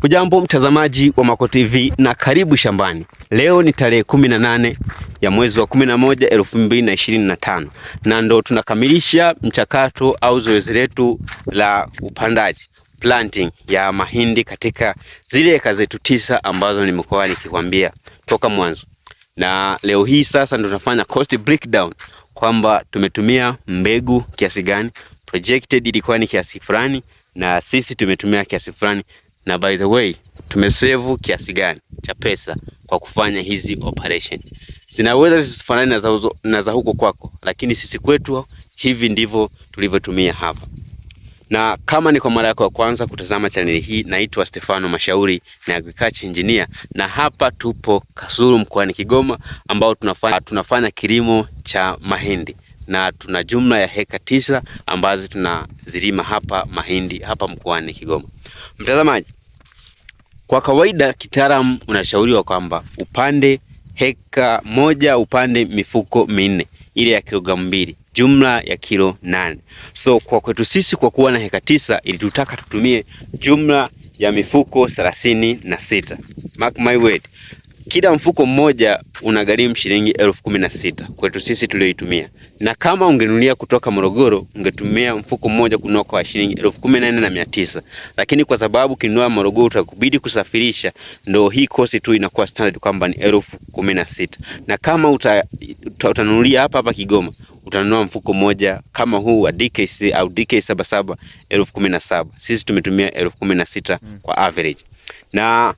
Hujambo mtazamaji wa Maco TV na karibu shambani. Leo ni tarehe kumi na nane ya mwezi wa kumi na moja elfu mbili na ishirini na tano na ndo tunakamilisha mchakato au zoezi letu la upandaji planting ya mahindi katika zile eka zetu tisa ambazo nimekuwa nikikwambia toka mwanzo, na leo hii sasa ndo tunafanya cost breakdown kwamba tumetumia mbegu kiasi gani, projected ilikuwa ni kiasi fulani na sisi tumetumia kiasi fulani na by the way tumesevu kiasi gani cha pesa kwa kufanya hizi operation. Zinaweza zisifanane na za huko kwako, lakini sisi kwetu hivi ndivyo tulivyotumia hapa. Na kama ni kwa mara yako ya kwanza kutazama chaneli hii, naitwa Stefano Mashauri na agriculture engineer, na hapa tupo Kasulu mkoani Kigoma, ambao tunafanya, tunafanya kilimo cha mahindi na tuna jumla ya heka tisa ambazo tunazilima hapa mahindi hapa mkoani Kigoma. Mtazamaji, kwa kawaida kitaalamu unashauriwa kwamba upande heka moja, upande mifuko minne ile ya kilogramu mbili, jumla ya kilo nane. So kwa kwetu sisi kwa kuwa na heka tisa ilitutaka tutumie jumla ya mifuko thelathini na sita. Mark my word kila mfuko mmoja unagharimu shilingi elfu kumi na sita kwetu sisi tulioitumia, na kama ungenunulia kutoka Morogoro ungetumia mfuko mmoja kunoka kwa shilingi elfu kumi na nne na mia tisa lakini kwa sababu ukinunua Morogoro utakubidi kusafirisha, ndo hii kosi tu inakuwa standard kwamba ni elfu kumi na sita na kama uta, uta, utanunulia hapa hapa Kigoma utanunua mfuko mmoja kama huu wa DKC au DK77 elfu kumi na saba. Sisi tumetumia elfu kumi na sita mm. kwa average na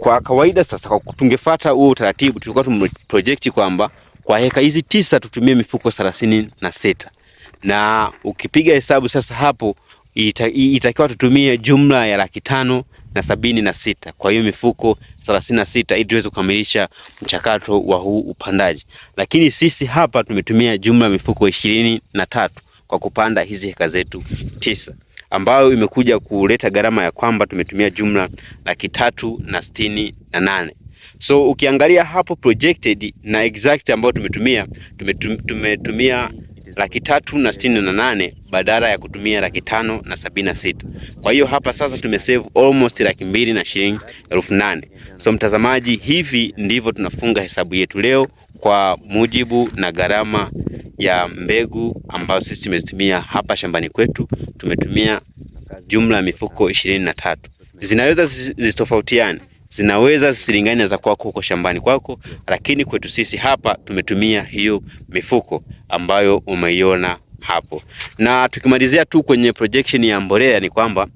kwa kawaida sasa, kwa tungefata huo utaratibu, tulikuwa tumeproject kwamba kwa heka hizi tisa tutumie mifuko thelathini na sita na ukipiga hesabu sasa hapo ita, itakiwa tutumie jumla ya laki tano na sabini na sita kwa hiyo mifuko thelathini na sita ili tuweze kukamilisha mchakato wa huu upandaji, lakini sisi hapa tumetumia jumla ya mifuko ishirini na tatu kwa kupanda hizi heka zetu tisa ambayo imekuja kuleta gharama ya kwamba tumetumia jumla laki tatu na sitini na nane. So ukiangalia hapo projected na exact ambayo tumetumia tumetumia laki tatu na sitini na nane badala ya kutumia laki tano na sabini na sita. Kwa hiyo hapa sasa tumesave almost laki mbili na shilingi elfu nane. So mtazamaji, hivi ndivyo tunafunga hesabu yetu leo kwa mujibu na gharama ya mbegu ambayo sisi tumezitumia hapa shambani kwetu, tumetumia jumla ya mifuko ishirini na tatu. Zinaweza zitofautiane, zinaweza zisilingane za kwako huko shambani kwako, lakini kwetu sisi hapa tumetumia hiyo mifuko ambayo umeiona hapo. Na tukimalizia tu kwenye projection ya mbolea ni kwamba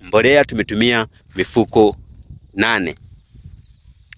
mbolea tumetumia mifuko nane,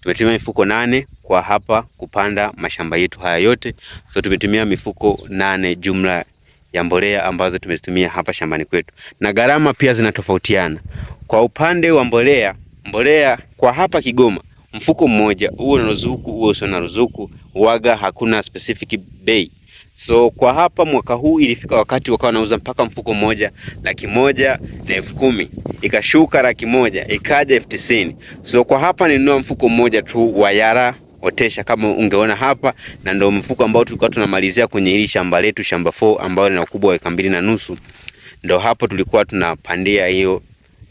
tumetumia mifuko nane kwa hapa kupanda mashamba yetu haya yote. So tumetumia mifuko nane jumla ya mbolea ambazo tumezitumia hapa shambani kwetu, na gharama pia zinatofautiana. Kwa upande wa mbolea, mbolea kwa hapa Kigoma mfuko mmoja huo na ruzuku huo usio na ruzuku, waga hakuna specific bei. So kwa hapa mwaka huu ilifika wakati wakawa wanauza mpaka mfuko mmoja laki moja na elfu kumi ikashuka laki moja ikaja elfu tisini So kwa hapa ninunua mfuko mmoja tu wa Yara otesha kama ungeona hapa, na ndio mfuko ambao tulikuwa tunamalizia kwenye hili shamba letu, shamba 4 ambayo lina ukubwa wa eka mbili na nusu. Ndio hapo tulikuwa tunapandia hiyo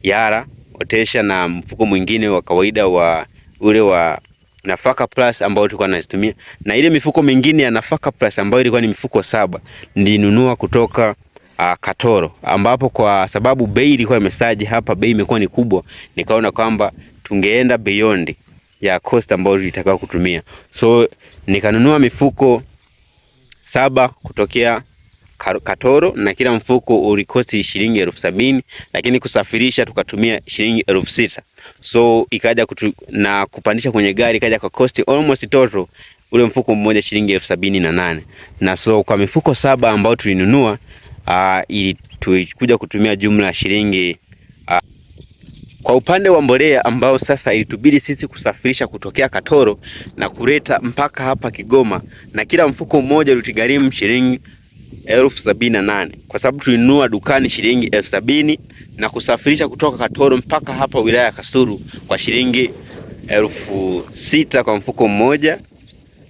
yara otesha na mfuko mwingine wa kawaida wa ule wa nafaka plus ambayo tulikuwa tunatumia, na ile mifuko mingine ya nafaka plus ambayo ilikuwa ni mifuko saba nilinunua kutoka uh, Katoro, ambapo kwa sababu bei ilikuwa imesaji hapa, bei imekuwa ni kubwa, nikaona kwamba tungeenda beyond ya cost ambayo nitakayo kutumia. So nikanunua mifuko saba kutokea Katoro na kila mfuko ulikosti shilingi elfu sabini lakini kusafirisha tukatumia shilingi elfu sita so ikaja kutu, na kupandisha kwenye gari ikaja kwa cost almost total ule mfuko mmoja shilingi elfu sabini na nane na so kwa mifuko saba ambayo tulinunua uh, ili tulikuja kutumia jumla ya shilingi uh, kwa upande wa mbolea ambao sasa ilitubidi sisi kusafirisha kutokea Katoro na kuleta mpaka hapa Kigoma, na kila mfuko mmoja ulitugharimu shilingi elfu sabini na nane kwa sababu tulinunua dukani shilingi elfu sabini na kusafirisha kutoka Katoro mpaka hapa wilaya ya Kasulu kwa shilingi elfu sita kwa mfuko mmoja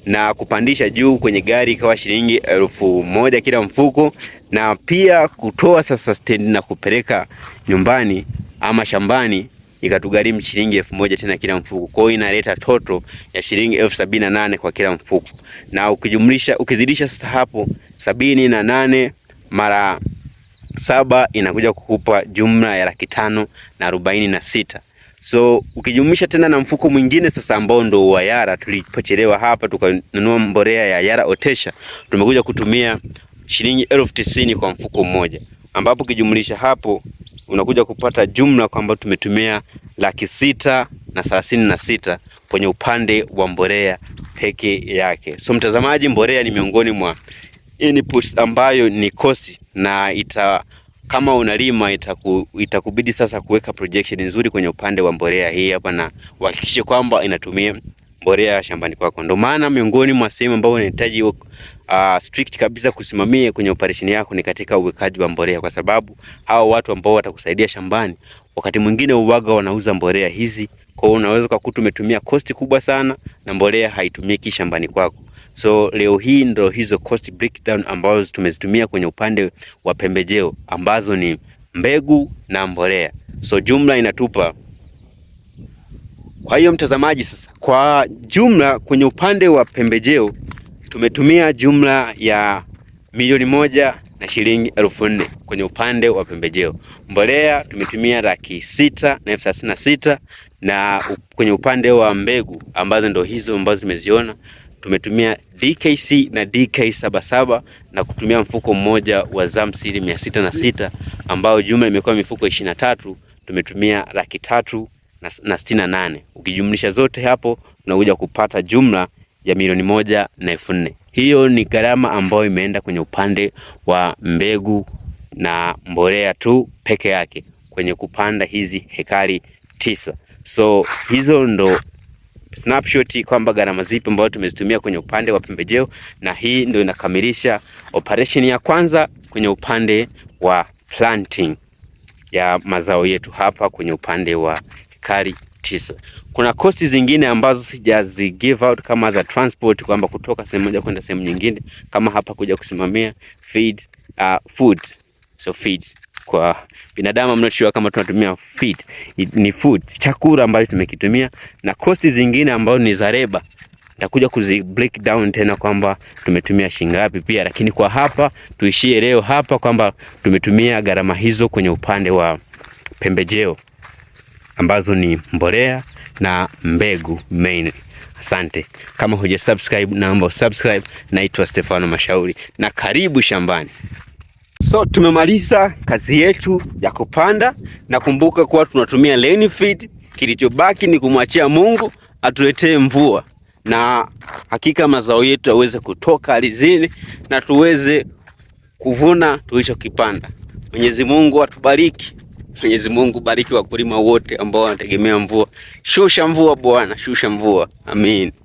na kupandisha juu kwenye gari ikawa shilingi elfu moja kila mfuko, na pia kutoa sasa stendi na kupeleka nyumbani ama shambani ikatugharimu shilingi elfu moja tena kila mfuko. Kwa hiyo inaleta toto ya shilingi elfu sabini na nane kwa kila mfuko, na ukijumlisha ukizidisha sasa hapo sabini na nane mara saba inakuja kukupa jumla ya laki tano na arobaini na sita. So ukijumlisha tena na mfuko mwingine sasa ambao ndo wa Yara, tulipochelewa hapa tukanunua mbolea ya Yara Otesha, tumekuja kutumia shilingi elfu tisini kwa mfuko mmoja ambapo ukijumlisha hapo unakuja kupata jumla kwamba tumetumia laki sita na thelathini na sita kwenye upande wa mbolea peke yake. So mtazamaji, mbolea ni miongoni mwa inputs ambayo ni kosi na ita kama unalima itaku, itakubidi sasa kuweka projection nzuri kwenye upande wa mbolea hii hapa, na uhakikishe kwamba inatumia mbolea shambani kwako. Ndio maana miongoni mwa sehemu ambayo unahitaji uh, strict kabisa kusimamia kwenye operation yako ni katika uwekaji wa mbolea, kwa sababu hao watu ambao watakusaidia shambani wakati mwingine uwaga wanauza mbolea hizi, kwa hiyo unaweza kwa kutu umetumia cost kubwa sana na mbolea haitumiki shambani kwako. So leo hii ndo hizo cost breakdown ambazo tumezitumia kwenye upande wa pembejeo ambazo ni mbegu na mbolea. So jumla inatupa. Kwa hiyo mtazamaji, sasa kwa jumla kwenye upande wa pembejeo tumetumia jumla ya milioni moja na shilingi elfu nne kwenye upande wa pembejeo. Mbolea tumetumia laki sita na elfu thelathini na sita na kwenye upande wa mbegu ambazo ndo hizo ambazo tumeziona tumetumia DKC na DK77 na kutumia mfuko mmoja wa ZAMSIL mia sita na sita ambao jumla imekuwa mifuko ishirini na tatu tumetumia laki tatu na sitini na nane. Ukijumlisha zote hapo unakuja kupata jumla ya milioni moja na elfu nne. Hiyo ni gharama ambayo imeenda kwenye upande wa mbegu na mbolea tu peke yake kwenye kupanda hizi hekari tisa. So hizo ndo snapshot kwamba gharama zipi ambazo tumezitumia kwenye upande wa pembejeo, na hii ndio inakamilisha operation ya kwanza kwenye upande wa planting ya mazao yetu hapa kwenye upande wa hekari tisa. Kuna kosti zingine ambazo sijazi give out kama za transport, kwamba kutoka sehemu moja kwenda sehemu nyingine, kama hapa kuja kusimamia feed, uh, food. So feed kwa binadamu I'm not sure kama tunatumia feed. Ni food, chakula ambacho tumekitumia, na kosti zingine ambazo ni za reba nitakuja kuzi break down tena kwamba tumetumia shilingi ngapi pia, lakini kwa hapa tuishie leo hapa kwamba tumetumia gharama hizo kwenye upande wa pembejeo ambazo ni mbolea na mbegu mainly. Asante. Kama huja subscribe, naomba subscribe. Naitwa Stefano Mashauri na karibu shambani. So tumemaliza kazi yetu ya kupanda, na kumbuka kuwa tunatumia rain feed. Kilichobaki ni kumwachia Mungu atuletee mvua, na hakika mazao yetu yaweze kutoka alizini na tuweze kuvuna tulichokipanda. Mwenyezi Mungu atubariki. Mwenyezi Mungu bariki wakulima wote ambao wanategemea mvua. Shusha mvua Bwana, shusha mvua. Amin.